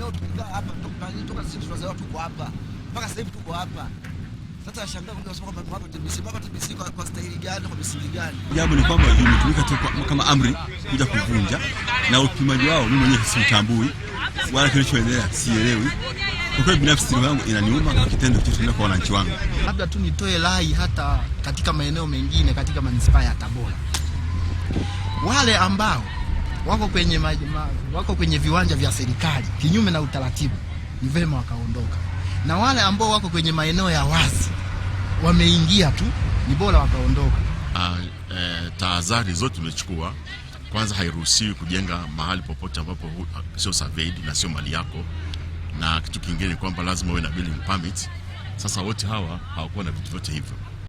leo tulikaa hapa toka sisi hapa mpaka sasa hivi tuko hapa. Sasa nashangaa kwa sababu kwamba hapa hapa kwa, kwa staili gani kwa misingi gani? Jambo ni kwamba imetumika tu kama amri kuja kuvunja, na upimaji wao mimi mwenyewe wala kilichoendelea sielewi. Kwa kweli binafsi yangu inaniuma kwa kitendo kilichotendeka kwa wananchi wangu. Labda tu nitoe rai hata katika maeneo mengine katika manispaa ya Tabora, wale ambao wako kwenye maji, wako kwenye viwanja vya serikali kinyume na utaratibu, ni vema wakaondoka, na wale ambao wako kwenye maeneo ya wazi wameingia tu, ni bora wakaondoka. Ah, eh, tahadhari zote tumechukua. Kwanza, hairuhusiwi kujenga mahali popote ambapo ah, sio surveyed na sio mali yako, na kitu kingine ni kwamba lazima uwe na building permit. Sasa wote hawa hawakuwa na vitu vyote hivyo.